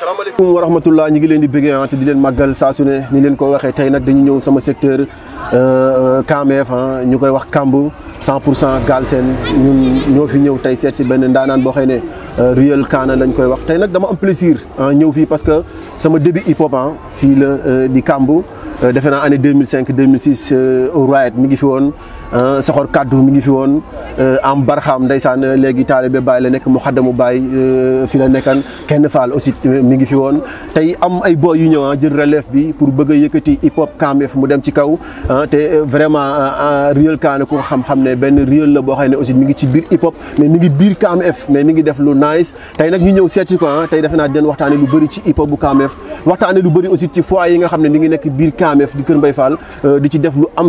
salaamaaleykum wa rahmatullah ñi ngi leen di bëggee ah te di leen màggal saa su ne ni leen ko waxee tey nag dañu ñëw sama secteur euh, KMF ah ñu koy wax kamb 100 pour cent Galsen ñun ñoo fi ñëw tey seet si benn ndaanaan boo xëy ne euh, Real kaana lañ koy wax tey nag dama am plaisir ah, ñëw fii parce que sama début hip hop ah fii la euh, di kamb defe naa année 2005 2006 Riot mi ngi fi woon. Euh, soxor kaddu mi ngi fi woon euh, am barxaam ndeysaan euh, léegi taalibe Baay la nekk mu xaddamu Baay fi la nekkan kenn faal aussi mi ngi fi woon tey am ay boy yu ñëw ah jël relève bi pour bëgg a yëkkati hip hop Kamef mu dem ci kaw ah, te vraiment ah, ah, réel Kaane ku ko xam ne benn réel la boo xam ne aussi mi ngi ci biir hip hop mais mi ngi biir Kamef mais mi ngi def lu nice tey nag ñu ñëw seet si ko ah tey defe naa den waxtaane lu bëri ci hip hop bu Kamef waxtaane aussi ci yi nga xam ne mi ngi nekk biir Kamef di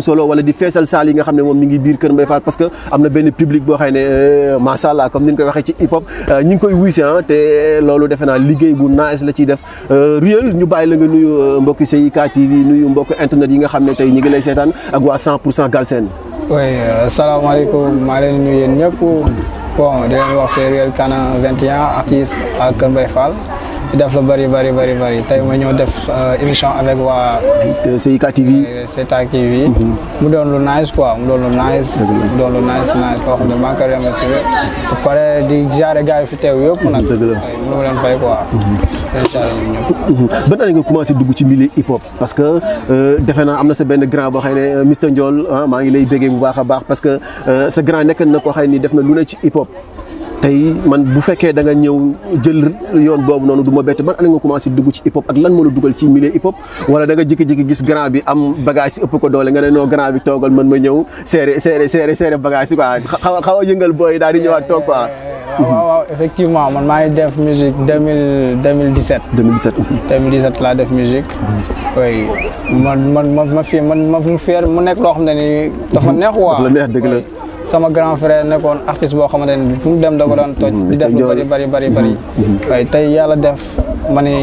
solo wala di feesal saal yi nga xam ne moom mi ngi biir Kër mbay Fall parce que am na benn public boo xam ne euh, macha allah comme ni ñu koy waxee ci hip hop euh, ñi ngi koy wuysi ah te loolu defe naa liggéey bu nice la ciy def euh, Ruel ñu bàyyi la nga nuyu mbokki CIK TV nuyu mbokki internet yi nga xam ne tey ñu ngi lay seetaan ak waa 100 pour cent Galsen. oui asalaamaaleykum maa leen nuyu yéen ñëpp bon di leen wax c'est Ruel Kana 21 artiste ak Kër Mbaye Fall. di def lu bëri bëri bëri bëri tey ma ñëw def euh, émission avec waa. CIK TV. CIK TV. Mhm. mu doon lu nice quoi mu doon lu nice. mu doon lu nice nice koo xam ne maa ngi koy remercier ba pare di fi teew yëpp. nag dëgg la mhm. mhm. dugg ci milieu hip parce que euh, defe naa am na sa benn grand boo xam ne euh, Mr Ndiol ah maa ngi lay béggee bu baax a baax parce que sa grand nekk na koo xam ne def na lu ne ci hip tey man bu fekkee danga ñëw jël yoon boobu noonu du ma bett ban année nga commencé dugg ci hip hop ak lan moo la dugal ci milieu hip hop wala da nga jékki-jékki gis grand bi am bagage si ëpp ko doole nga ne non bi toogal man ma ñëw seere seere seere seere bagage si quoi a xaw a yëngal daal di ñëwaat toog quoi. waaw waaw effectivement maa ngi def musique deux mille deux mille dix sept. deux mille dix sept. deux mille dix sept laa def man man ma fi man ma fi mu nekk loo xam ne nii. dafa neex waaw dafa neex dëgg la. sama grand frère nekkoon artiste boo xamante ne fu dem da ko doon toj mm-hmm. di def lu bari bari bari bari mm-hmm. waaye tey yàlla def ma ni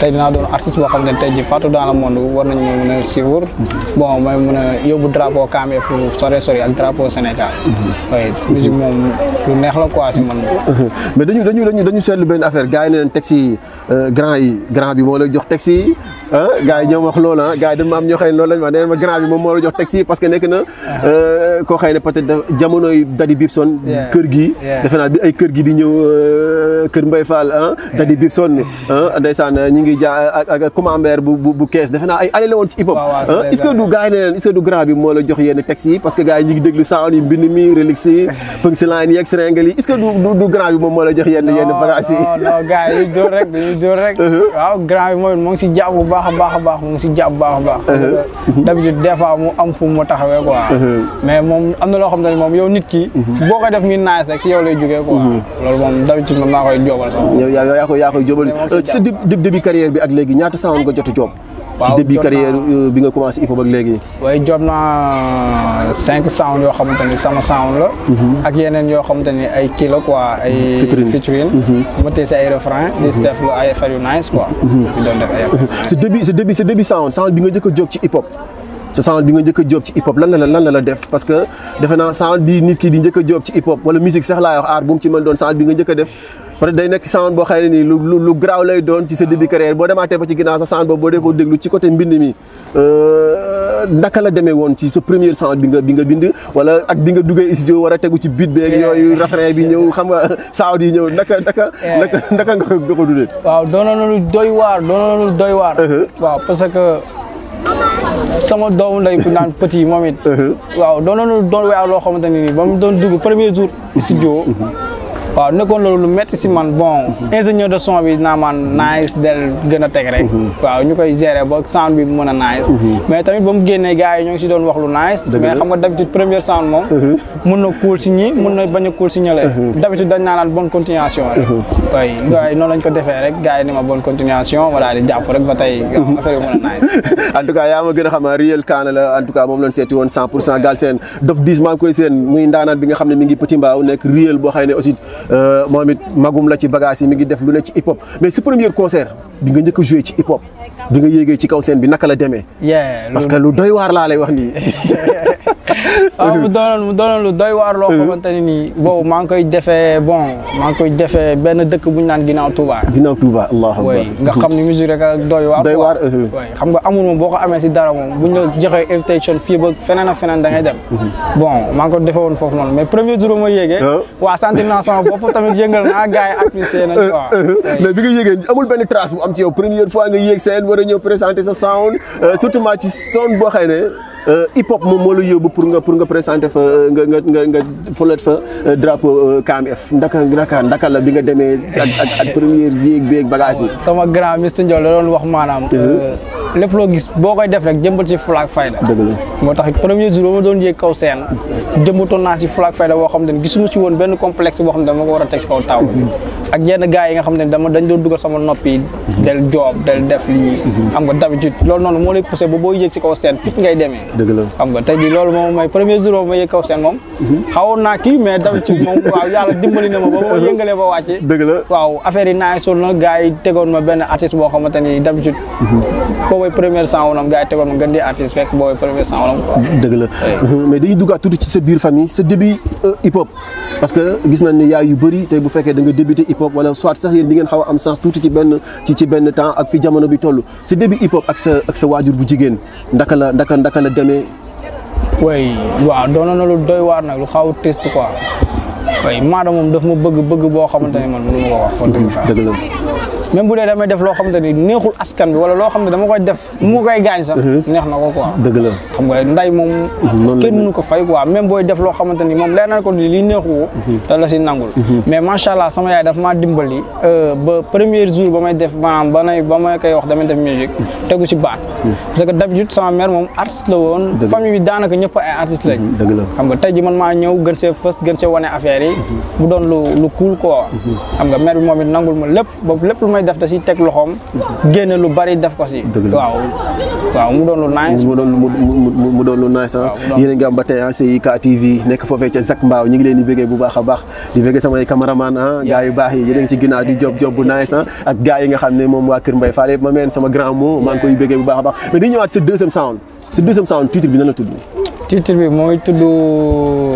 tey dinaa doon artiste boo xam ne tey ji partout dans le monde war nañu mën a suivre bon mooy mën a yóbbu drapeau Kamé fu sore sori ak drapeau Sénégal oui musique moom lu neex la quoi si dañu dañu dañu affaire gars yi ne leen taxi yi euh, grand yi jox taxi yi ah yi ñoom wax loolu ah gars ma am ñoo xëy lañ wax neen ma grand bi moom moo la jox taxi yi parce que nekk na uh-huh. euh, koo xëy ne peut-être jamonoy Dadi Bibson kër gi defe naa bi ay kër gi di ñëw euh, kër Mbaye Fall ah Dadi Bibson ndeysaan ñu ngi jaa a commandeur bu bu kees defe naa ay année la woon ci hip hop est du gars yi ne leen est-ce la jox yenn textes yi parce que gars yi ñu moom si jàpp baax a baax a baax mu si jàpp baax a baax d'habitude des fois am fu mu taxawee quoi mais moom am na loo xam ne moom yow nit ki boo koy def muy nice rek si yow lay jógee quoi loolu moom d'habitude moom maa koy jóobal sax yow yaa koy yaa koy jóobal sa euh, début carrière bi ak léegi ñaata sawoon nga jot job ci début carrière euh, bi nga commencé hip hop ak léegi way job na 5 sound yo xamanteni sama sound la mhm. ak yenen yo xamanteni ay kilo quoi ay featuring mo té ci ay refrain di mhm. def lu ay affaire yu nice quoi ci mhm. doon def ay ci début ci début ci début sound sound bi nga jëk jog ci hip hop sa sound bi nga ñëk job ci hip hop lan la lan la def parce que defé sound bi nit ki di ñëk job ci hip hop wala musique sax la wax art bu mu ci mën doon sound bi nga ñëk def parce être day nekk sound boo xam ne nii lu lu lay doon ci sa début carrière boo demaatee ba ci ginnaaw sa sound boobu boo dee ko déglu ci côté mbind mi euh, ndaka la demee woon ci sa première sound bi nga bi nga bind wala ak bi nga duggee studio war a tegu ci beat beeg yooyu refrain bi ñëw xam nga sound yi ñëw ndaka ndaka nga ko dundee waaw doonoon na lu doy waar doonoon na lu waar uh-huh. waaw parce que sama doomu nday ku naan petit moom it uh-huh. waaw doonoon na lu doy loo xamante ne nii ba mu doon dugg waaw nekkoon loolu lu métti si man bon ingénieur de son bi naa man nice del gën a teg rek mhm. waaw ñu koy gérer ba sound bi mën a nice mhm. mais tamit ba mu génnee gars yi ñoo ngi si doon wax lu nice mais xam nga d'habitude première sound moom mhm. mun na cool si ñi mun na bañ a cool si ñële d'habitude dañ naa naan bonne continuation rek tey noonu lañ ko defee rek gars yi ni ma bonne continuation voilà di jàpp rek ba tey affaire bi mën a nice en tout yaa ma gën a xam réel Kaana la en tout moom lañ seeti woon ne mi Euh, moom it magum la ci bagage yi mi ngi def lu ne ci hip hop mais sa premier concert bi nga njëkk a ci hip hop bi nga yéegee ci kaw seen bi naka la demee. parce que lu doy laa lay wax ni waaw ah, mu doonoon mu doonoon lu doy waar loo mm-hmm. xamante ne nii. boobu maa ngi koy defee bon maa ngi koy defee benn dëkk bu ñu naan ginnaaw Touba. ginnaaw Touba allahu akbar nga xam ni musique rek ak doy waar. doy waar uh-huh. xam nga amul moom boo ko amee si dara moom bu ñu la joxee invitation fii ba feneen ak feneen da ngay dem. Mm-hmm. bo maa ngi ko defee woon foofu noonu mais premier jour ma yéegee. Ah. waa sentir naa sama bopp tamit yëngal naa gars yi apprécié nañ uh-huh. bi nga yéegee amul benn trace bu am ci yow première fois nga yéeg seen war a ñëw présenter sa sound euh, surtout maa ci sound boo xëy ne euh, hip hop moom moo la pour nga pour nga présenter fa euh, nga nga nga nga folet fa drapeau KMF ndaka ndaka ndaka la bi nga demee ak ak première yéeg beeg bagage yi. sama grand Mister Ndiol la wax maanaam. Mhm. lépp loo gis boo koy def rek jëmbat si flag fayda moo tax premier jour ba ma doon yéeg kaw seen jëmbatoon naa si flag fayda boo xam ne gisuma si woon benn complexe boo xam ne dama a xam ne dama dañ doon dugal sama nopp yi del joob del def lii mhm. xam nga d'habitude loolu noonu moo lay poussé ba boo yéeg si kaw seen fit moom may mhm. naa kii mais d'habitude moom waaw yàlla dimbali na ma ba ma yëngalee ba wàcce waaw affaire yi naa soon na gars yi tegoon ma benn artiste boo booy première sang woonam gars yi tegoon ma gën di uh-huh. duggaat tuuti ci sa biir famille sa début euh, hip hop. parce que gis nañ ne yaay yu bëri tey bu fekkee da nga débuté hip hop wala soit sax yéen di xaw a am sens tuuti ci benn ci ci benn temps ak fi jamono bi toll sa début hip hop ak sa ak waajur bu jigéen ndaka la ndaka ndaka la demee. way waaw doon na lu doy waar nag lu xaw a triste quoi. way maanaam moom daf ma bëgg bëgg boo xamante ne man mënu ma ko wax. dëgg la même bu dé damay def lo xamanteni neexul askan bi wala lo xam dama koy def mu koy gañ sax mhm. neex na ko quoi deug la xam nga nday mom kenn mënu ko fay quoi même boy def lo xamanteni mom lénal ko li neexu ko da mhm. la ci nangul mhm. mais machallah sama yaay daf ma dimbali euh ba premier jour ba may def manam ba nay ba may koy wax dama def musique teggu ci baat parce que d'habitude sama mère mom artiste la won famille bi danaka ñepp ay artiste lañ deug la xam nga tey ji man ma ñew gën ci fës gën ci wane affaire yi bu doon lu lu cool quoi xam nga mère bi momit nangul ma lepp ba lepp lu may def da si teg loxoom. génne lu bari def ko si. waaw waaw mu doon lu nice. mu doon mu mu mu doon lu nice ah. a TV ah, nekk foofee ca Zac Mbao ñu ngi leen bu baax a baax di bëggee samay cameraman ah gars yu baax yi yéen a ngi ci ginnaaw di job job bu nice ah ak gars yi nga xam ne moom waa Kër Mbaye Fall ma meen sama grand mot maa koy bëggee bu baax a baax mais di ñëwaat sa deuxième sound sa deuxième sound titre bi na la tudd. titre bi mooy tudd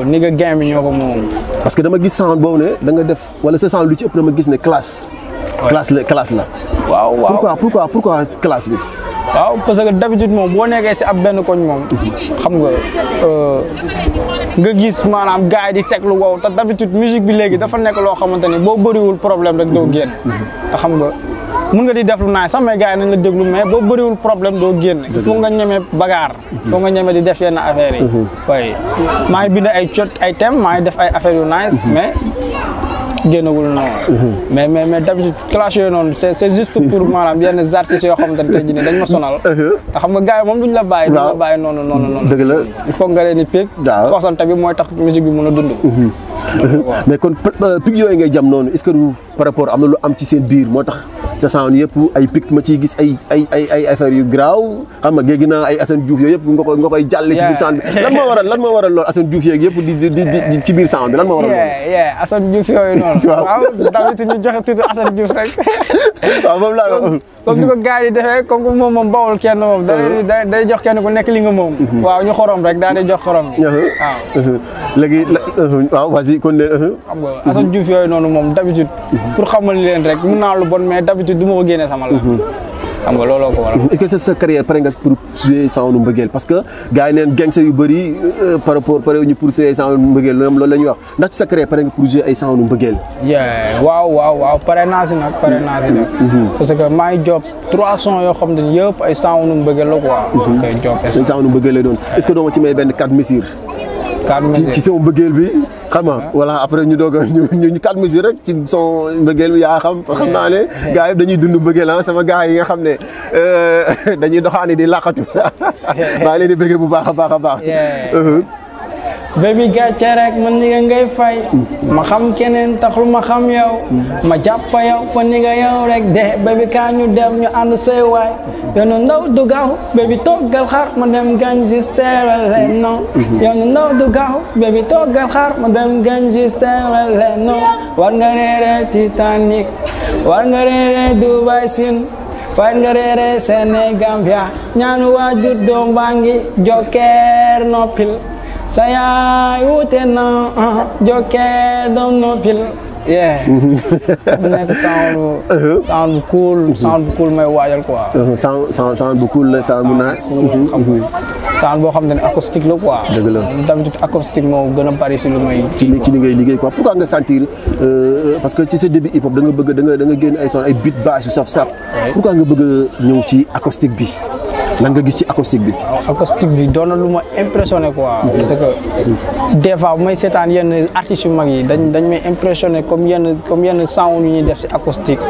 Nigga Game bi ñoo ko moom. parce que dama gis sound boobu ne da nga def wala sa sound lu ci ëpp dama gis ne classe. classe la classe la. waaw waaw pourquoi pourquoi pourquoi classe bi. waaw parce que d'habitude moom boo nekkee si ab benn koñ moom xam nga euh, nga gis maanaam gars di teg lu wow te d'habitude musique bi léegi dafa nekk loo xamante ni boo bëriwul problème rek doo génn te xam nga mun nga di def lu naay sax mais gars nañ la déglu mais boo bëriwul problème doo génn foo nga ñemee bagaar foo nga ñemee di def yenn affaires yi mhm. waaye maa ngi bind ay cot ay thème maa ngi def ay affaires yu naay mhm. mais génnagul noonu. Mhm. mais mais mais d'habitude clash yooyu noonu c'est juste mhm. pour maanaam yenn artistes yoo xamante ne tey jii dañ ma sonal. Uh-huh. te xam nga gars yi moom la bàyyi. waaw duñ la bàyyi noonu noonu noonu. dëgg la il faut nga leen di pegg. mooy tax musique bi mën a dund. Mhm. mais kon euh, pic yooyu ngay jam noonu est-ce que du par rapport am na lu am ci seen biir moo tax sa sound yëpp ay pic ma ciy gis ay ay ay ay yu graaw xam nga géegi naa ay Assane Diouf yooyu yëpp nga koy nga koy jàlle ci biir sound bi bi lan moo waral lool. Assane Diouf yooyu noonu. waaw daaw ñu joxe tuuti Assane Diouf rek. waaw moom laa comme ni ko gars yi defee comme moom moom bawul kenn moom uh-huh. day day jox kenn ku nekk li nga moom uh-huh. waaw ñu xorom rek daal di jox xorom bi uh-huh. waaw léegi waaw vas-y kon leen xam nga Assane yooyu noonu moom d'habitude pour xamal leen rek mun naa lu bon mais d'habitude du ma ko génnee sama la xam nga looloo ko waral. est-ce que sa carrière pare nga pour jouer sawnu mbëggeel parce que gars yi neen gangster yu bëri euh, par rapport pare ñu pour jouer sawnu mbëggeel ñoom loolu la ñuy wax ndax sa carrière pare nga pour jouer ay sawnu mbëggeel. waaw waaw waaw pare naa si nag pare naa si nag. Mm-hmm. parce que maa ngi job trois sons yoo xam ne yëpp ay sawnu mbëggeel la quoi. ay nu mbëggeel lay doon est-ce que doo ci may benn quatre mesures. ci son mbëggeel bi xam nga ah. voilà après ñu doog a ñu quatre mesures rek ci son mbëggeel bi yaa xam xam naa ne eh. yi dañuy dund mbëggeel a ah, sama gars yi nga xam ne euh, dañuy doxaani di laqatu eh. maa leen di bëgg bu baax a baax a baax eh. bébi gàcce rek man ngay fay ma xam keneen taxul ma xam yow ma jàpp fa yow fa ni rek de bébi kaa ñu dem ñu ànd say waay yoonu ndaw du gaaw bébi toggal xaar ma dem gañ si teerale non yoonu ndaw du gaaw bébi toggal xaar ma dem gañ si teerale non war nga reere Titanic war nga reere Dubai war nga reere Sénégambia ñaanu waajur doom baa ngi jokkeer noppil sa yaay wuute na jokkee doon noppil yeah mu nekk sound uh-huh. sound bu cool uh-huh. sound bu cool may waajal quoi uh-huh. sound sound bu cool la sound bu naaj sound boo xam ne acoustique la quoi dëgg la tamit acoustique moo gën a bari si lu may ci ci li ngay liggéey quoi pourquoi nga sentir euh, parce que ci sa début hip hop da nga bëgg da nga da nga génn ay son ay beat bass yu saf saf pourquoi nga bëgg a ci acoustique bi lan nga gis ci acoustique bi acoustique bi doon na lu ma impressionné quoi parce que des fois bu may seetaan yenn artiste mag yi dañ dañ may impressionné comme yenn comme yenn sound yu ñuy def ci acoustique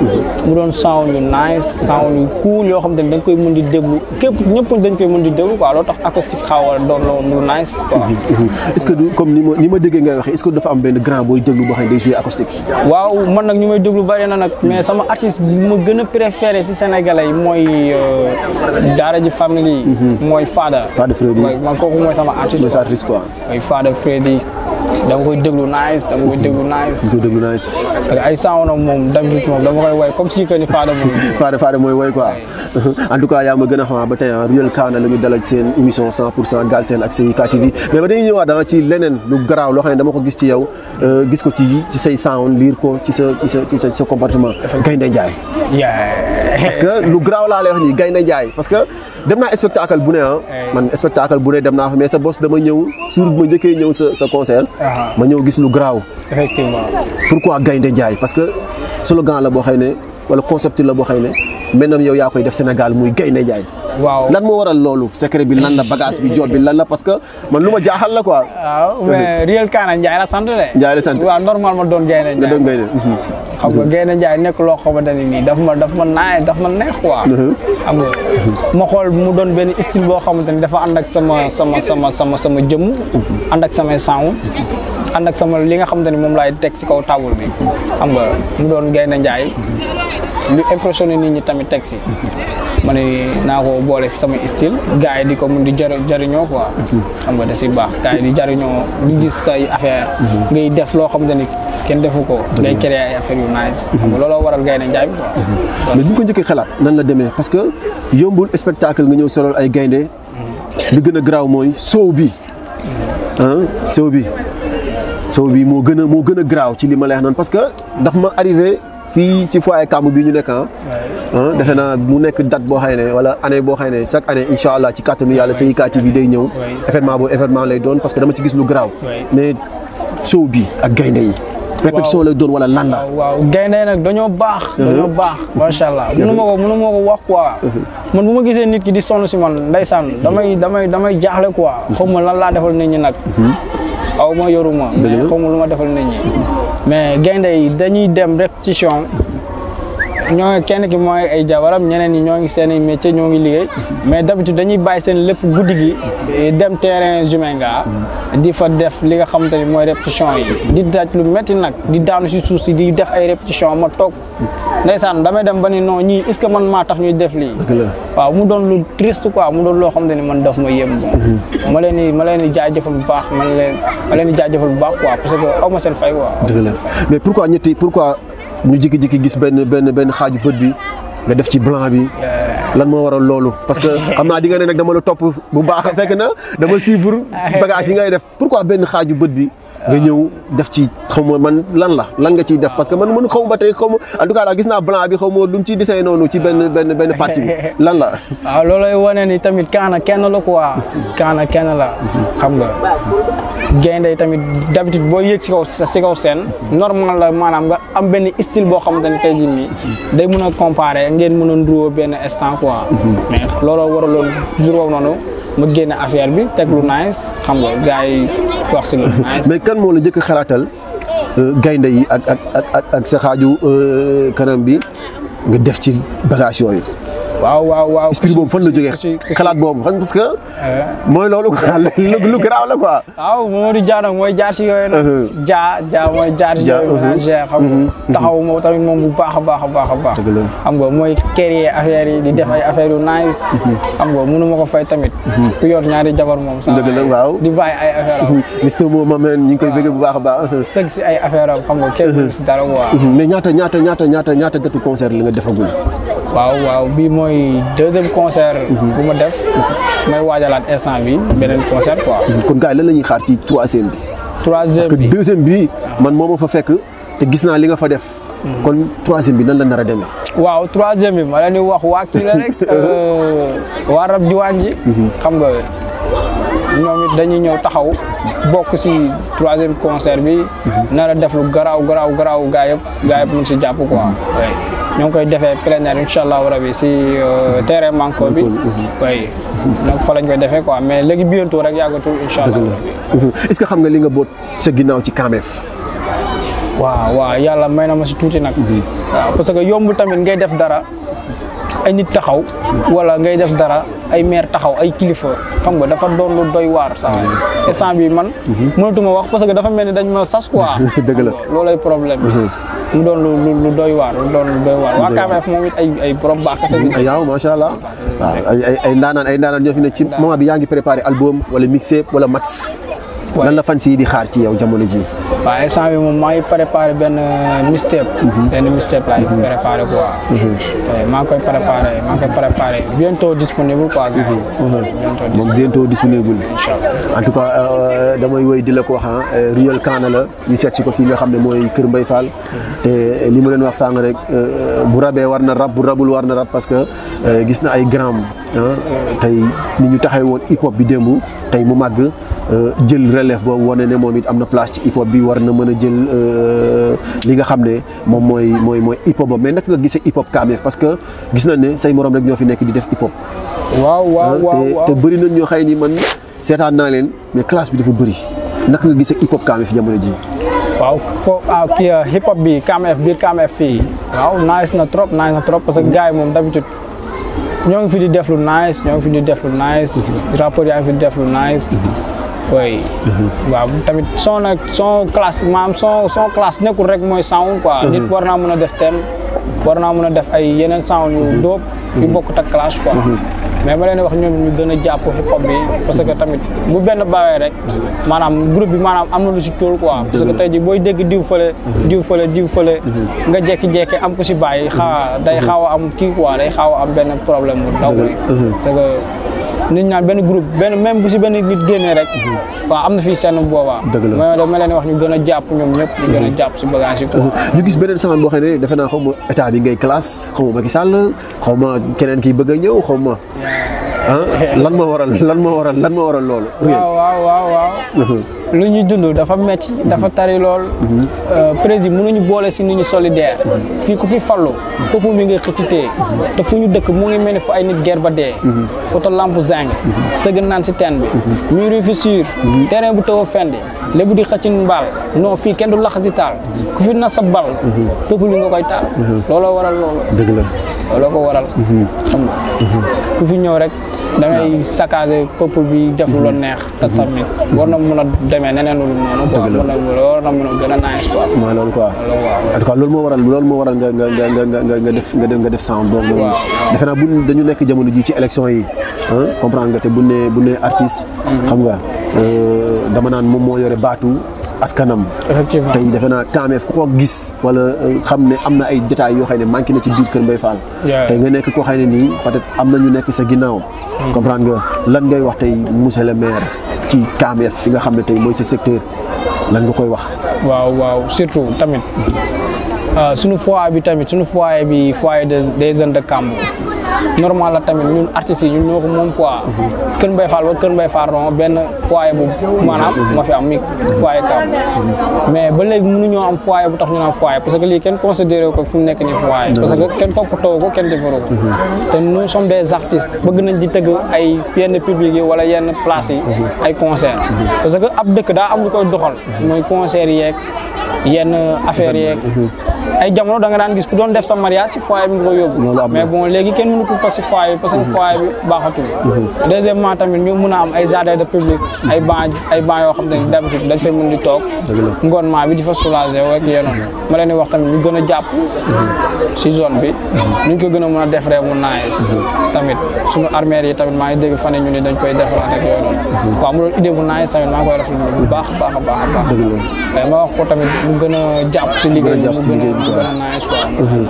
mu doon sound yu nice sound yu cool yo xam ne dañ koy mën di déglu képp ñëpp dañ koy mën di déglu quoi lo tax acoustique xaw a lo lu nice quoi mhm, mhm. est ce que comme ni ma ni ma déggee ngay waxee est ce que dafa am benn grand boy déglu boo xay day jouer acoustique waaw man nak ñu may déglu bari na nak mais sama artiste bu ma gën a préféré si sénégalais moy mooy euh, daara ji family. Mhm. mooy Fada. Fada Freddy mooy man kooku mooy sama artiste. mooy sa artiste quoi. mooy Fada Freddy. dama koy déglu nice dama koy déglu nice. dama koy déglu nice. cái que ay sound am moom d'habitude moom dama koy woy comme si cái ni Fada mooy. Fada Fada mooy woy quoi en tout cas cái ma gën a xam ba tey ah Real Kana la ñu dalal seen émission 100 pour cent Galsen ak CIK TV mais ba dañuy ñëwaat ah ci leneen lu garaaw loo xam ne dama ko gis ci yow ờ, gis ko ci ci say sound liir ko ci sa ci sa ci cái comportement. Gaynde Njaay. parce que lu garaaw laa lay wax cái Gaynde Njaay parce que dem naa spectacle bu ne ah. man spectacle bu ne dem naa fa mais sa boss dama ñëw suur bu ma njëkkee ñëw sa sa concert. ma ñëw gis lu graw effectivement pourquoi gaynde ndjay parce que slogan la bo xëy wala concept la boo xëy ne maintenant yow yaa koy def Sénégal muy Gaynde Njaay waaw lan moo waral loolu secret bi lan la bagage bi joot bi lan la parce que man lu ma jaaxal la quoi. waaw mais réel Kaana Njaay la sant de. Njaay la sant ma doon Gaynde Njaay nga doon Gaynde. xam nga gayne Njaay nekk loo xamante ne nii daf ma daf ma naay daf ma neex quoi. Uh-huh. xam ma xool mu doon benn style boo xamante ni dafa ànd ak sama sama sama sama sama jëmm. Uh-huh. ànd ak samay sànq. ànd ak sama li nga xamante ni moom laay teg ci kaw table bi xam nga mu doon gaynde njaay lu impressionné nit ñi tamit teg ci ma ne naa ko boole ci sama style gars yi di ko mun di jariñoo quoi xam nga da ci baax gars yi di jariñoo di gis say affaire ngay def loo xamante ni kenn defu ko ngay créer ay affaire yu nice xam looloo waral gaynde njaay bi ñu ko njëkkee xalaat nan la demee parce que yombul spectacle nga ñëw solool ay gaynde li gën a garaaw mooy soow bi soow bi sama bii moo gën a moo a graaw ci li ma leex noonu parce que daf ma arrivé fii ci foyer kàmb bii ñu nekk ah. defe naa mu nekk date boo xay ne wala boo xay chaque année incha allah ci kàttanu yàlla CIK bi ak gaynde yi. répétition lay doon wala lan gaynde nag dañoo baax. Uh-huh. dañoo baax macha allah uh-huh. mënu ko mënu ko wax quoi. Uh-huh. man bu ma gisee nit ki di sonn si man ndeysaan damay damay jaaxle quoi. xaw ma lan laa nit ñi nag. aw ma yoruma. mais xaw ma lu ma defal nit mais gaynde yi dañuy dem rek ci ñoo kenn ki mooy ay jabaram ñeneen ñi ñoo ngi seen i métier ñoo ngi liggéey mais d'habitude dañuy bàyyi seen lépp guddi gi dem terrain Jumenga di fa def li nga xamante ni mooy répétition yi di daj lu métti nag di daanu si suuf si di def ay répétition ma toog ndeysaan damay dem ba ni non ñii est-ce que man maa tax ñuy def lii waaw mu doon lu triste quoi mu doon loo xam ne ni man daf ma yem bon mhm. ma leen di ma leen di jaajëfal bu baax man leen ma leen di jaajëfal bu baax quoi parce que aw ma seen fay ñu jékki jikki gis benn benn benn xaaju bët bi nga def ci blanc bi lan moo war a loolu parce que xam naa di nga ne nag dama la topp bu baax fekk na dama suivre bagage yi ngay def pourquoi benn xaaju bët bi nga ñëw def ci xaw ma man lan la lan nga ciy def parce que man mënu xaw ba tey xaw ma en tout cas daal gis naa blanc bi xaw ma lu mu ciy dessiné noonu ci benn benn benn partie bi lan la. waaw loolay wane nii tamit kaana kenn la ko waa kaana kenn la. xam nga gaynde tamit d'habitude boo yëg si kaw si kaw seen. normal la maanaam nga am benn style boo xamante ne tey jii nii. day mun a comparer ngeen mun a nduróo benn instant quoi. Mhm. mais looloo waraloon jour boobu noonu. ma génne affaire bi teg lu nice xam nga gars lu nice. mais kan moo la njëkk xalaatal euh, gaynde yi ak ak ak ak sa euh, kanam bi nga def ci bagage waaw waaw waaw esprit boobu fan la jógee xalaat boobu xam parce que. Euh. mooy loolu quoi lu garaaw la quoi. waaw Mamadou Dia nag mooy jaar si yooyu nag. Dia Dia mooy jaar si yooyu manager xam nga mm-hmm. mm-hmm. taxaw moom bu baax a baax a baax a baax. xam nga mooy créer affaire yi di def ay affaire yu nice. Mm-hmm. xam nga mënu ko fay tamit. ku ñaari jabar moom. sax dëgg la waaw di bàyyi ay affaire mister moom ameen ñu ngi koy bëgg bu baax a baax. sëg si ay affaire xam nga kenn si dara quoi. mais ñaata ñaata ñaata ñaata ñaata gëtu concert li nga defagul. mooy deuxième concert. Mhm. bu ma def may waajalaat instant bi beneen concert quoi. Mhm. kon gars yi lan la ñuy xaar ci troisième bi. troisième bi parce que deuxième bi man moo ma fa fekk te gis naa li nga fa def. Mhm. kon troisième bi nan la nar a demee. waaw troisième bi ma leen di wax waa kii la rek. Uh-huh. Euh, waa rab diwaan ji. xam nga. ñoom it dañuy ñëw taxaw bokk si troisième concert bi. nar a def lu garaaw garaaw garaaw gaa yëpp gaa yëpp si jàpp quoi. ñoo ngi koy defee plein air incha allahu rabi si euh, terrain manko bi. waaye mhm. donc lañ koy defee quoi mais léegi bientôt rek yàggatul incha allah. est-ce que xam nga li nga boot sa ginnaaw ci Kamef. waaw waaw yàlla may na ma si tuuti nag. Mhm. waaw parce tamit ngay def dara. ay nit taxaw wala ngay def dara ay maire taxaw ay kilifa xam nga dafa doon lu doy waar sax instant mm-hmm. bi man mm-hmm. mënatuma wax parce que dafa mel ni dañ ma sas quoi dëgg la loolay problème bi mm-hmm. mu doon lu lu doy waar lu doon lu doy waar waa KMF moom it ay ay borom baax kese bi yaaw macha allah waaw ay ay ndaanaan ay ndaanaan ñoo fi ne ci moment bi yaa ngi préparé album wala mixtape wala max lan la fan si di xaar ci yow jamono ji waaw instant bi moom maa ngi préparé benn mixtape mhm. benn mixtape laay mhm. préparé quoi mhm. eh, maa ngi koy préparé maa ngi koy préparé bientôt disponible quoi en tout cas euh, euh, damay woy di la ko wax euh, Ruel Kana la ñu set si ko fii nga xam ne mooy Kër Mbaye Fall te li ma leen wax sàng rek bu rabee war na rab bu rabul war na rab parce que gis na ay gram tey ni ñu taxe woon hip hop bi démb tey mu màgg Eh, jël relève bo woné ne momit amna place ci hip hop bi war na mën a pas eh, li nga xamné ne moy moy moy mooy hip hop mais nak nga gissé hip hop Kamef parce que gis na ne say morom rek ñofi nek di def hip hop. waaw waaw eh, waaw té bëri na ñu xey ni man sétan na len mais classe bi dafa bëri nak nga gissé hip hop Kamef jamono ji waaw ko ah kii ah, hip hop bi Kamef bi Kamef fi waaw nice na trop nice na trop parce que gaay mom d'habitude ñong fi di def lu nice ñong fi di def lu nice mhm. rapport ya fi def lu nice. Mhm. oui. Mhm. waaw tamit son nag son classe maam son son classe nekkul rek mooy sound quoi. Mhm. nit war naa mën a def thème war naa mën a def ay yeneen sound yu mhm. dóob. yu bokkut ak classe quoi. mais ma wax ñoom ñu gën a jàpp hip hop bi parce que tamit bu benn bawee rek maanaam groupe bi maanaam am na lu si cóol quoi parce que tey jii booy dégg diw fële diw fële diw fële nga jekki-jekki am ko si bàyyi xaw day xaw a am kii quoi day xaw a am benn problème mu ndaw rek nit ñaan benn groupe benn même bu si benn nit génnee rek mhm. waaw am na fii seen boobaa mais dama leen wax ñu gën a jàpp ñoom ñëpp ñu a mhm. jàpp si bagage yi mhm. ñu gis beneen semaine boo xam ne defe naa ma état bi ngay classe xaw ma Macky Sall xaw keneen kiy bëgg a ñëw xaw ma ah lan moo waral lan moo waral lan moo waral loolu waaw waaw lu ñu dund dafa metti dafa tari lool euh, président ñu boole si nu ñu solidaire fii ku fi fallu pëpp mi nga xëccitee te fu ñu dëkk mu ngi mel ni fu ay nit guerre ba dee poto lampe zing sëgg naan si teen bi mur yi fi suur terrain bu taw a fendi lébu di xëccin mbaal non fii kenn du laxasi taal ku fi na sa bal pëpp li nga koy taal looloo waral loolu dëgg la looloo ko waral. Mhm. xam nga ku fi ñëw rek da ngay saccagé peuple bi def mhm. neex. te tamit mhm. war na mën a neneen lu noonu. dëgg la a a nice quoi. mooy loolu quoi en tout cas loolu moo waral loolu moo waral nga nga nga nga nga def nga def nga def sound boobu noonu. waaw defe naa bu dañu nekk jamono ji ci élection yi comprendre nga te bu ne bu ne artiste. xam nga euh, dama naan moom moo yore baatu. askanam tey defe naa taameef ku ko gis wala euh, xam ne am na ay détails yoo xam ne manqué na ci biir Kër Mbaye Fall tey nga nekk koo xam ne nii peut-être am na ñu nekk sa ginnaaw hmm. comprendre nga lan ngay wax tey monsieur le maire ci taameef fi nga xam ne tey mooy sa secteur lan nga koy wax waaw waaw surtout tamit euh, sunu foyer bi tamit suñu foyer bi foyer des jeunes de Kambo normal la tamit ñun artistes ñun ñoo moom quoi. Kër Kër Mbaye Fall ron benn foyer bu maanaam moo fi am mi ba léegi mënuñoo am foyer bu tax ñu naan foyer parce que lii kenn considéré ko fi mu nekk ni foyer parce que kenn toppatoo ko kenn defaroo ko te nous sommes des artistes bëgg nañ di tëgg ay yenn public yi wala yenn place yi ay concert parce que ab dëkk daa am lu koy doxal mooy concert yeeg yenn affaire yeeg ay jamono da nga daan gis ku doon def sa mariage si foyer bi nga ko yóbbu mais bon léegi kenn mënu ko toog si foyer bi parce mhm. mhm. tamit ñu mun a am ay jardin de public mhm. ay banc ay yoo xam ne d'habitude dañ fay mun toog ngoonement bi di fa soulager rek ma wax tamit ñu gën a jàpp si zone bi ñu ko gën a mun a def ree mu naes tamit suñu armee yi tamit maa ngi dégg fan ñu ni dañ koy defaraat rek yooyu noonu waaw mu doon idée bu naes tamit maa ngi koy rafetlu bu baax baax a baax a baax ma wax ko tamit mu gën a jàpp si liggéey bi mu gën a nice quoi. Mhm.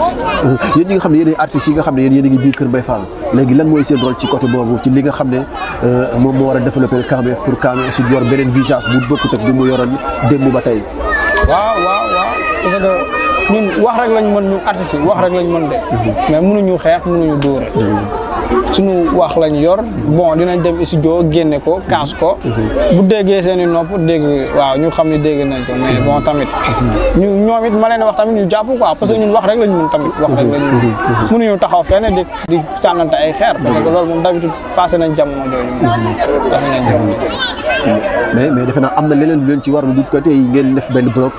yéen ñi nga xam ne yéen artistes yi nga xam ne yéen yéen a ngi biir Kër Mbaye Fall léegi lan mooy seen rôle ci côté boobu ci li nga xam ne euh, moom moo war a développé KMF pour KMF su yor beneen visage bu bokkut ak bi mu yoroon démb ba tey. waaw waaw waaw parce que ñun wax rek lañ mën ñu artistes yi wax rek lañ mën de. Mhm. mais mënuñu xeex mënuñu dóore. Mhm. suñu wax lañ yor bon dinañ dem studio génne ko kaas ko bu déggee seen i nopp dégg waaw ñu xam ne dégg nañ ko mais bon tamit ñu ñoom it ma leen wax tamit ñu jàpp quoi parce que ñun wax rek lañ mun tamit wax rek lañ mun mënuñu taxaw fenn di di sànnante ay xeer parce que loolu moom d'habitude passé nañ jamono jooju passé nañ mais mais defe naa am na leneen lu leen ci war lu dul côté yi ngeen def benn bloc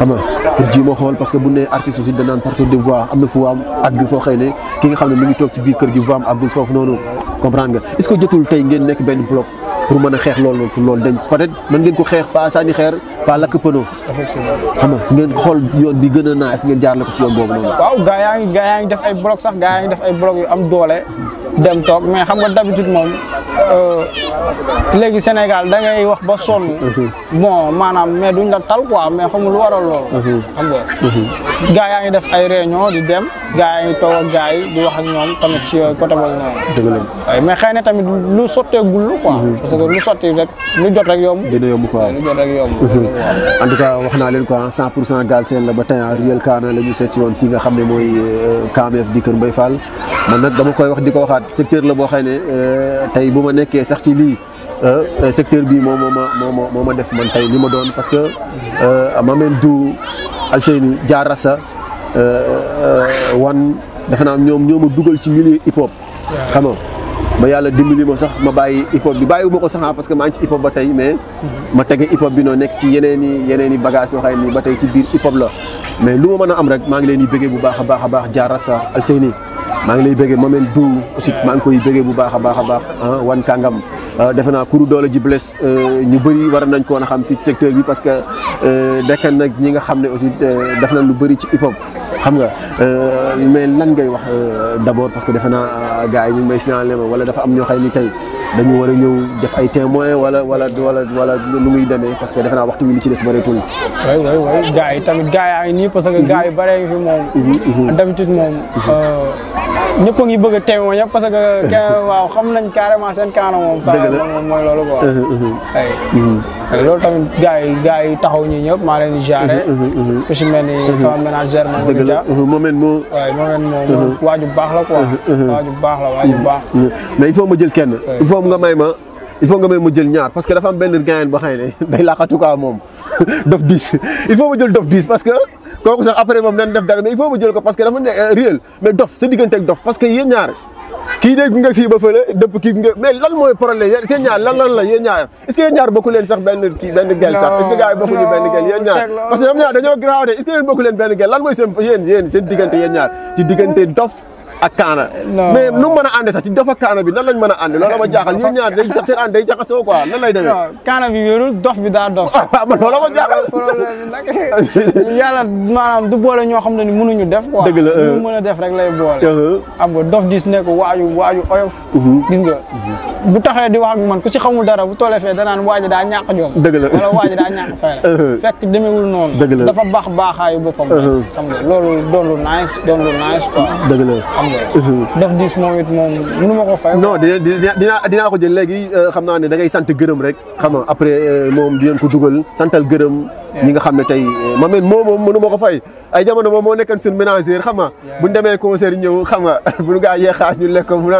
xam nga pour ji ma xool parce que bu ne artiste aussi danaan partir de voix am na fu am àgg foo xëy ki nga xam ne mi ngi toog ci biir kër gi voix am àggul foofu noonu comprendre nga est ce que jotul tey ngeen nekk benn bloc pour mën a xeex loolu pour loolu dañ peut être ngeen ko xeex pas sànni xeer pas lakk pëno xam ngeen xool yoon bi gën a naas ngeen jaar la ko ci yoon boobu noonu waaw gaa yaa ngi gaa ay bloc sax gaa yaa ngi def dem toog mais xam nga d'habitude moom euh, léegi Sénégal da ngay wax ba sonn. Mhm. bon maanaam mais duñ la tal quoi mais xamul lu waral loolu. Mhm. xam nga. Mhm. gaa yaa ngi def ay réunion di dem gaa yaa ngi toog ak gaa yi di wax ak ñoom tamit ci euh, côté boobu noonu. dëgg mais xëy na tamit lu sotteegul quoi. parce que lu sotti rek lu jot rek yomb. dina yomb wax naa leen quoi 100 pour cent Galsen la ba tey Ruelle Kana la seet si woon fii nga xam ne mooy euh, KMF di Kër Mbaye Fall man nag dama koy wax di ko waxaat. secteur la boo xam ne euh, tey bu ma nekkee sax ci lii euh, euh, secteur bii moo moo ma moo ma def man tey li ma doon parce que ma Mamadou Alseyni jaar Rassa wan defe naa ñoom ñoo ma dugal ci milieu hip hop. xam nga ma yàlla dimbali ma sax ma bàyyi hip hop bi bàyyiwu ma ko sax ah parce que maa ngi ci hip hop ba tey mais. Mhm. ma tege hip hop bi noo nekk ci yeneen i yeneen i bagages yoo xam ne ba tey ci biir hip hop la mais lu ma mën a am rek maa ngi leen di bëggee bu baax a baax a baax Dia Rassa Alseyni maa ngi lay bëggee Mamène Dou aussi maa ngi koy bëggee bu baax a baax a baax ah, wan kàngam ah, defe naa kuru doole ji bless euh, ñu bëri war nañ koo a xam fii ci secteur bi parce que euh, dekkan nag ñi nga xam ne aussi euh, def nañ lu bëri ci hip hop. xam nga euh, me lan ngay wax euh, d'abord parce que defe naa euh, gars yi ñu ngi may signaler wala dafa am ñoo xam ni tey dañu war a ñëw def ay témoin wala wala wala wala lu muy demee parce que defe naa waxtu bi li ci des bëreetul. way way way gars yi tamit gars yaa ngi nii parce que gars yi bëree ngi moom. Mhm, mhm. d'habitude moom. Mhm. ñëpp a ngi bëgg a témoigner parce que waaw xam nañ carrément seen kaana moom sa moom mooy loolu quoi ay uhhuh, uhhuh. uhhuh. loolu tamit gars yi gars yi taxaw ñi ñëpp maa leen di jaare ku si mel ni sama ménagère moom la moomen moo waaw moomen moom waaju baax la quoi waaju baax la waaju baax mais il faut ma jël kenn il faut nga may ma il faut nga may mu jël ñaar parce que dafa am benn gayen ba xëy ne day laqatu quoi moom dof 10 il faut mu jël dof 10 parce que kooku sax après moom nan def dara mais il faut mu jël ko parce que dafa ne euh, réel mais dof sa diggante ak dof parce que yéen ñaar kii day gunge fii ba fële dëpp kii gunge mais lan mooy problème yéen ñaar lan lan la yéen ñaar est ce que ñaar bokku leen sax benn kii benn gel sax est ce que gars bokku ñu benn gel yéen ñaar parce que ñoom ñaar dañoo graaw de est ce que yéen bokku leen benn gel lan mooy seen yéen yéen seen diggante yéen ñaar ci diggante dof ak kaana mais nu mën a ànd sax ci dafa kaana bi nan lañ mën a ànd loolu jaaxal yéen ñaar day jax seen ànd day jaxasoo quoi nan lay demee kaana bi wérul dof bi daa dof ah, ma loolu ma jaaxal yàlla maanaam du boole ñoo xam ne ni mënuñu def quoi dëgg la ñu euh. a def rek lay boole euh. xam nga dof dis nekk waaju waaju oyof mhm. gis nga mhm. bu taxee di wax man ku ci xamul dara bu toolee fee danaan waaji daa ñàkk jom dëgg la wala waaji daa ñàkk fayda euh. fekk demeewul noonu dëgg la dafa baax baaxaayu boppam xam nga loolu doon lu nice doon lu nice quoi nga. Mhm. ndax diis moom it moom mënu ma ko fay. non dina dina dinaa ko jël léegi euh, xam naa ne da ngay sant gërëm rek xam nga après euh, moom dinañ ko dugal santal gërëm. ñi nga xam ne tey Mamène moo moom mënu ma ko fay ay jamono moom moo nekkoon suñu ménagère xam nga bu ñu demee concert ñëw xam nga bu ñu gaa yee xaas ñu lekk ko mu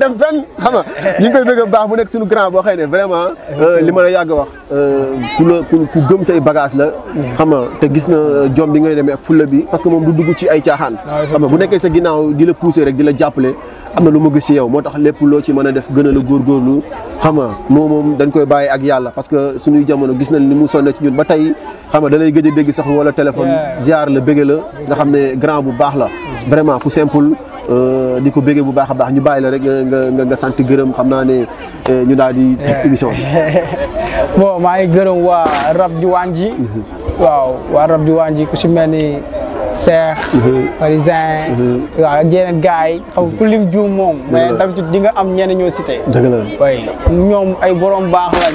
dem fenn xam nga ñu koy bëgg baax bu nekk suñu grand boo xëy ne vraiment euh, li ma la yàgg wax euh, ku la ku gëm say bagage la mm. xam nga te gis na jom bi ngay demee ak fulla bi parce que moom du dugg ci ay caaxaan ah, xam nga bu nekkee sa ginnaaw di la pousser rek di la jàppale am na lu mu gis ci yow moo tax lépp loo ci mën a def gën a la góorgóorlu xam nga moom moom dañ koy bàyyi ak yàlla parce que suñuy jamono gis na ni mu sonne ci ñun ba tey xam nga da a dégg sax wala téléphone ziar la bége la nga xam ne grand bu baax la vraiment ku simple euh, di ko bége bu baax a baax ñu bàyyi la rek nga nga sant gërëm xam naa ne euh, ñu daal di teg émission bi maa ngi gërëm waa rab diwaan ji mhm. waaw waa rab diwaan ji ku si mel ni Cheikh Marisa waaw ak yeneen gars yi xam ku lim juum moom mais d'habitude di nga am ñeneen ñoo cité dëgg la way ñoom ay borom baax lañ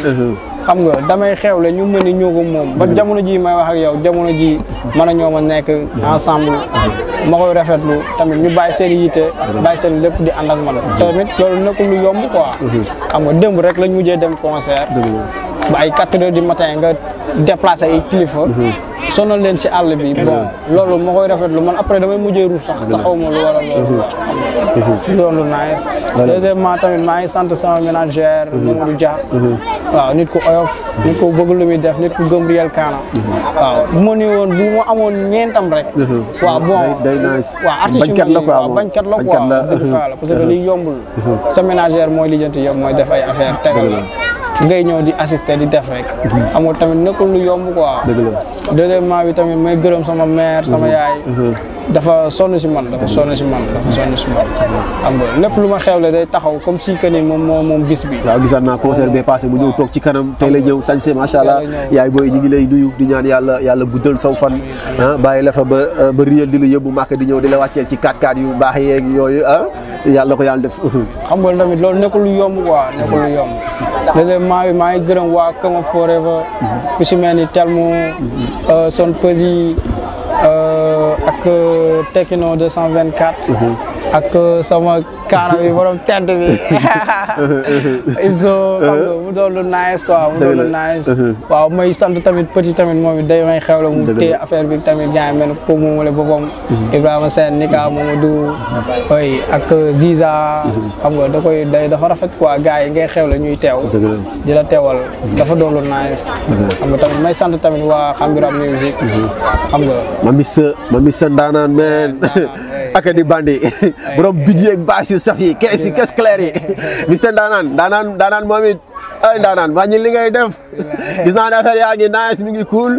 xam nga damay xewle ñu mën ni ñoo ko moom ba jamono ji may wax ak yow jamono ji mën a ñoom a nekk ensemble ma koy rafetlu tamit ñu bàyyi seen yitte bàyyi seen lépp di ànd ak man tamit loolu nekkul lu yomb quoi xam nga démb rek lañ mujjee dem concert ba ay quatre heures du matin nga déplacé ay kilifa sonal leen si àll bi bon loolu ma koy rafetlu man après damay mujjee sax te xaw ma lu waral loolu mhm. loolu nice deuxièmement tamit maa ngi sant sama ménagère mhm. Mamadou Dia mhm. waaw nit ku oyof nit ku bëgg lu muy def nit ku gëm réel kaana waaw bu ma nee woon bu ma amoon ñeentam rek waaw bon waaw artiste bañkat la quoi bañkat la quoi dëgg fa la parce que liy yombul sa ménagère mooy lijjanti yëpp mooy def ay affaire tegal ngay ñëw di assister di def rek. amul tamit nekkul lu yomb quoi. dëgg la deuxièmement bi tamit may gërëm sama mère sama mhm. yaay. Mhm. dafa sonn si man dafa sonn si man dafa sonn si man xam nga lu ma xewle day taxaw comme si que ni moom moo moom bis bi waaw gisaat naa concert bi passé bu ñëw toog ci kanam tey la ñëw sañse macha allah yaay booy ñu ngi lay nuyu di ñaan yàlla guddal saw fan ah bàyyi la fa ba euh, ba di la yóbbu màkk di ñëw di la wàcceel ci 4x4 yu baax yeeg yooyu ah yàlla ko yàlla def xam nga tamit loolu nekkul lu yomb quoi nekkul lu yomb léeg-léeg maa ngi maa waa Kama Forever mm-hmm. ku Euh, ak euh, Tekino 224. Mm-hmm. ak euh, sama kaara bi borom tent bi il faut xam nga nice quoi mu doon nice uh-huh. waaw may sant tamit petit tamit moom it day may xewla mu téye bi tamit ñaay mel ko moomale boppam uh-huh. Ibrahima Sène Nika uh-huh. Mamadou oy ak euh, Ziza xam nga da koy day dafa rafet quoi gars yi ngay xewla ñuy teew di la teewal dafa doon nice may sant tamit waa Xambiram Music xam nga ma mi ma mi sa meen ak di bandi borom budget ak bâche yu saf yi kees yi kees clair yi mister daanaan daanaan daanaan moom it ay ndaanaan wàññi li ngay def gis naa ne affaire yaa ngi nice mi ngi cool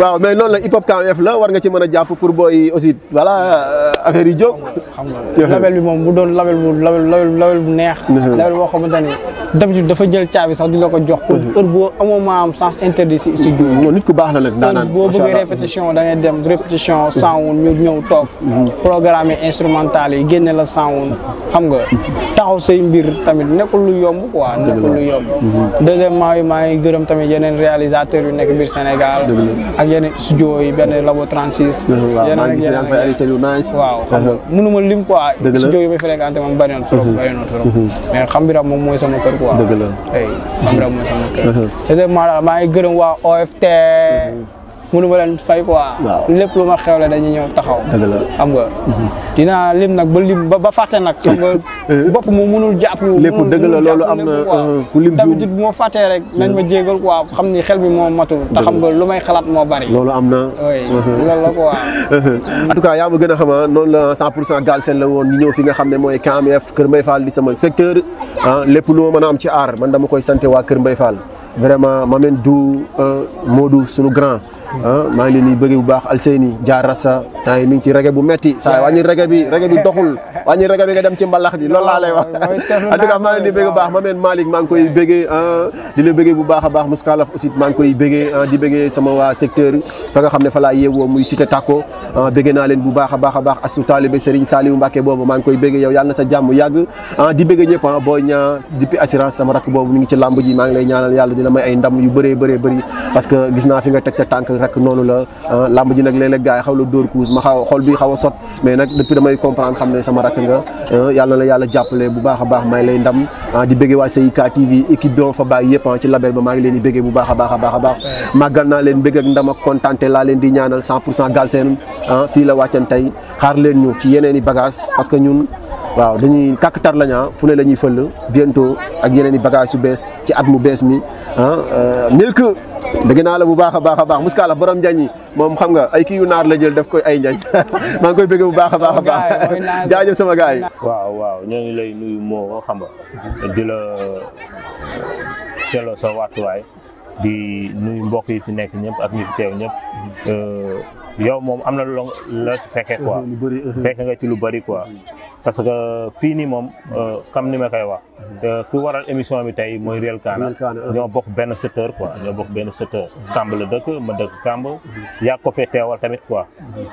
waaw mais loolu la hip hop KMF la war nga ci mën a jàpp pour booy aussi voilà euh, affaire yi jóg xam nga label bi moom bu doon label bu label label bu neex label boo xamante ne d'habitude dafa jël caabi sax di la ko jox pour heure boo amoo ma am sens interdit si si jiw nit ku baax la nag ndaanaan boo bëggee répétition da ngay dem répétition sound ñu ñëw toog mm-hmm. programme instrumental yi génne la sound xam nga taxaw say mbir tamit nekkul lu yomb quoi Mhm. deuxièmement yi maa ngi gërëm tamit yeneen réalisateur nekk biir Sénégal ak yeneen studio yi labo 36 waaw xam uh-huh. lim quoi studio yi may fréquenté moom bari na trop uh-huh. bari na trop uh-huh. mais xam bi rab moom mooy sama kër quoi dëgg la gërëm waa OFT mënu ma leen fay quoi. waaw lépp lu ma xewle dañuy ñëw taxaw. dëgg la xam nga. Mhm. dinaa lim nag ba lim ba ba fàtte nag. Eh? bopp mu mënul jàpp. lépp dëgg la loolu am na euh, ku lim fàttee rek nañ ma mm. jégal quoi xam ni xel bi moo matul. xam nga lu may xalaat moo bari. loolu am na. oui mhm. loolu la quoi. en tout cas ma gën a xama ah, noonu la 100 pour cent Galsen la woon ñu ñëw fi nga xam ne mooy KMF Kër Mbaye Fall di sama secteur ah lépp lu mën a am ci aar man dama koy sant waa Kër Mbaye faal vraiment Mamène du euh, Modou sunu grand Ah, maa ngi leen di bëgg bu baax Alseyni jaarasa temps yi mi ngi ci rege bu metti saa wàññi rege bi bi doxul wàññi rege bi ngi koy bëggee ah, di la bëggee bu baax a baax Mouskalaf aussi maa ngi koy bëggee ah, di bëggee sama waa secteur fa nga xam ne fa laa yeewoo muy cité Tako bëggee naa leen bu baax a baax a baax asu taalibe Serigne Saliou Mbacke boobu maa ngi koy bëggee yow yàlla na sa jàmm yàgg di bëggee ñëpp booy ñaa depuis assurance sama rakk boobu mi ngi ci làmb ji maa ngi lay ñaanal yàlla dina may ay ndam yu bëree bëree parce que gis naa fi nga teg sa tànk nag noonu la ah, lamb ji nag léeg-léeg yi xaw la dóor kuus ma xaw xool bi xaw a sot mais nag depuis damay comprendre xam ne sama rakk nga ah, yàlla na la yàlla jàppale bu baax a baax may lay ndam ah, di béggee waa CIK TV équipe bi ma fa bàyyi yëpp ci label ba maa ngi leen di bu baax a baax a baax a baax naa leen bégg ak ndam laa leen di ñaanal cent pour cent Galsen fii la wàccan tey xaar leen ñu ci yeneen i bagage parce que ñun waaw dañuy kàkk tar i bagage yu dëgg naa la bu baax a baax a baax muskaala borom njañ yi moom xam nga ay kii yu naar la jël def koy ay njañ maa koy bëgg bu baax a baax a baax jaajëf sama gars yi waaw waaw ñoo lay nuyu moo xam nga di la telloo sa wàttuwaay di nuyu mbokk yi fi nekk ñëpp ak ñi fi teew ñëpp euh, yow moom am na lu la fekkee quoi uh-huh. fekke nga ci lu bari quoi parce que fii nii moom euh, comme ni ma koy wax ku waral émission bi tey mooy Réal Kaana ah. ñoo bokk benn secteur quoi ñoo bokk benn secteur Kamb la dëkk ma dëkk Kamb yaa ko fee teewal tamit quoi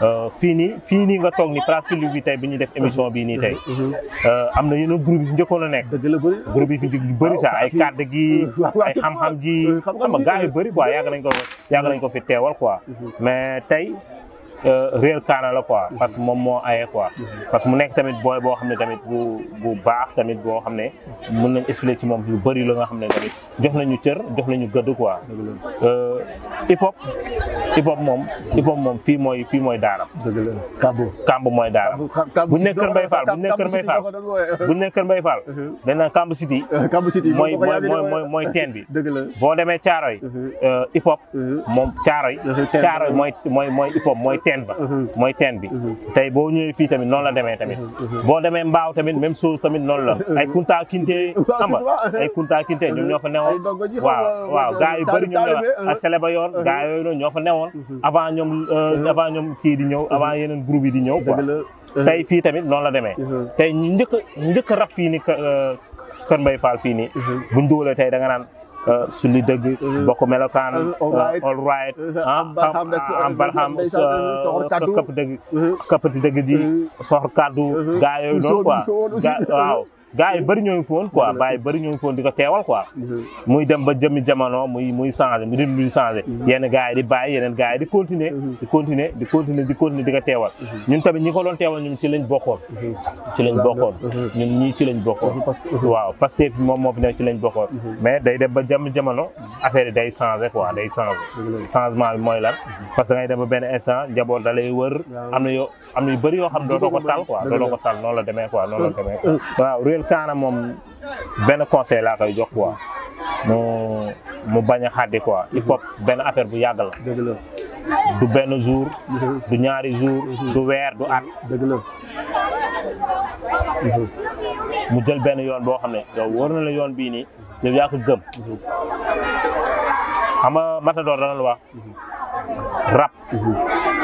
euh, fii nii fii nii nga toog ni place publique bi tey bi ñu def émission bii nii tey mm-hmm. euh, am na yeneen groupe yi fi njëkkoon a nekk groupe yi fi bëri sax ay cadre gi ay xam-xam ji xam nga gars yi bëri quoi yàgg nañ ko fi teewal quoi mm-hmm. mais tey Euh, réel kaana la quoi parce que moom moo aye quoi parce que mu nekk tamit booy boo xam ne tamit bu baax tamit boo xam ne mën nañ expliquer ci moom lu bëri la nga xam ne tamit jox nañu cër jox nañu gad quoi euh, hip hop hip hop moom hip hop moom fii mooy fii mooy daaram kamb kamb mooy daaram bu nekk Kër Mbaye Fall bu nekk bay Mbaye Fall bu nekk Kër Mbaye Fall dana uh-huh. kamb uh, mooy mooy mooy teen bi boo demee Caaroy uh-huh. euh, hip hop uh-huh. moom Caaroy Caaroy mooy hip hop mooy teen teen ba mooy teen bi tey boo ñëwee fii tamit noonu la demee tamit boo demee mbaaw tamit même chose tamit noonu la ay kunta kinte xam ay kunta kinte ñoom ñoo fa newoon waaw waaw gars yu bëri ñoom ñoo euh. seleba yoon euh. gars yooyu noonu ñoo fa euh, avant ñoom kii di ñëw avant yeneen groupe di ñëw quoi tey fii tamit noonu la demee tey njëkk njëkk rab fii ni Kër Mbaye Fall fii nii tey da Euh, suli dëgg bokk melokaan all right euh, euh, ah, am barxam ah, soxor kaddu këpp dëgg di mmh. mmh. soxor kaddu mmh. gaa yooyu noonu gars yi bëri ñoo ngi foon quoi bàyyi bëri ñoo ngi foon di ko teewal quoi mhm. muy dem ba jëmi jamono muy muy mu di changé mhm. yenn gars yi di bàyyi yeneen gars yi di continuer mhm. di continuer di continuer di continuer di ko teewal ñun tamit ñi ko doon teewal ñun ci lañ bokkoon ci lañ bokkoon ñun ñii ci lañ bokkoon waaw Pastef moom moo fi nekk ci lañ bokkoon mais day dem ba jëmi jamono affaire yi day changé quoi day changé changement mooy lan parce que da ngay dem ba benn instant njaboot da lay wër am na yoo am na yu bëri yoo ko tal la demee quoi noonu la demee kaana moom benn conseil laa koy jox quoi mu bañ a xàddi quoi hip hop benn affaire bu yàgg la du benn jour du ñaari jour du weer du at dëgg mu jël benn yoon boo xam ne yow wóor yoon bii nii yow yaa ko gëm xam nga Matador dana la wax rab.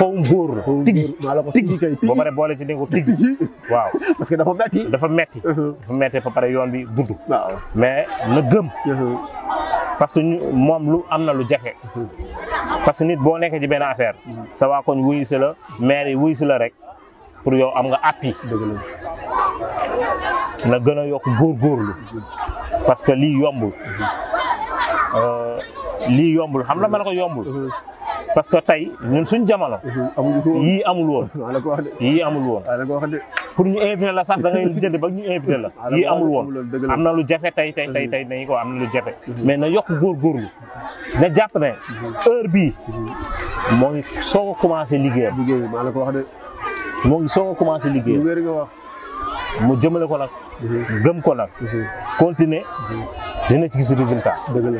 foofu mbóor la. tigi tigi kay pare boole ci dégg ko tigi. waaw parce que dafa metti dafa metti uh-huh. dafa metti ba pare yoon bi gudd. waaw mais na gëm. Uh-huh. parce que moom lu am na lu jafe. Uh-huh. parce que nit boo nekkee ci benn affaire. sa waa koñ wuyu la maire yi la rek pour yow am nga appui. na gën a góor góorgóorlu. parce que lii yombul. Euh, lii yombul xam na ma ne ko yombul. parce que tey ñun suñ jamono. yii uh-huh. amul woon yii amul woon. pour ñu invité la sax da ngay jënd ba ñu invité la. yii amul woon am na lu jafe tey tey tey tey nañu ko am na lu jafe. Uh-huh. mais na yokk góorgóorlu na jàpp ne uh-huh. heure bii moo ngi soog a commencé liggéeyam. moo ngi soog a commencé liggéeyam. mu jëmale ko nag. gëm ko nag. continuer dina ci gis résultat. dëgg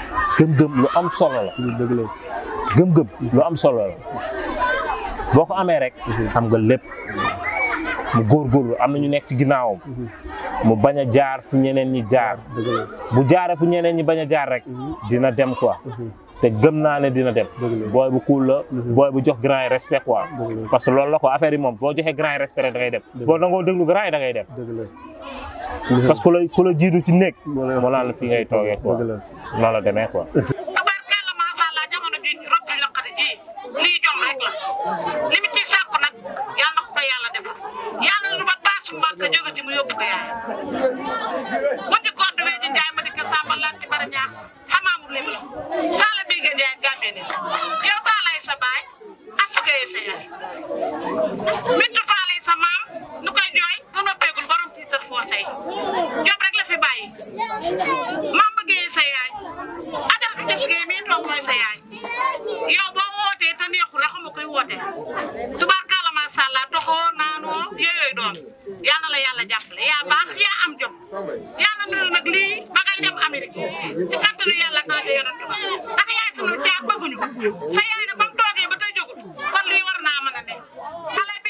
gëm-gëm lu am solo la. gëm-gëm lu am solo la boo ko amee rek. Mhm. xam nga lépp góor góorgóorlu am na ñu nekk ci ginnaawam. Mhm. mu bañ jaar fu ñeneen ñi jaar. bu jaaree fu ñeneen ñi bañ a jaar rek. Mhm. dina dem quoi. te gëm naa ne dina dem. booy bu kuul la. booy bu jox grand yi respect quoi. parce que loolu la ko affaire yi moom boo joxee grand respect rek da ngay dem. boo nangoo déglu grand yi da dem. Iya. parce que ku la ku la jiitu ci nekk mu laal la fi ngay toogee quoi noonu la demee quoi tabarkalla macha allah jamono ji rob bi naqari ji lii jom rek la li mu ciy sàkku nag yàlla na ko ko yàlla defal yàlla lu ma taasu mbàkk jóge ci mu yóbbu ko yaay bu ci koddu say jom rek la fi bàyyi mam bëggee sa yaay adar ka def ngay mii toog mooy sa yow boo wootee te neexu rek xama koy woote tubaarkalla macha allah toxoo naanoo yooyooyu doon yàlla la yàlla jàppale yaa baax yaa am jom yàlla nel nag lii ba ngay dem Amérique ci kattanu yàlla naa de yaay sunu na ba kon war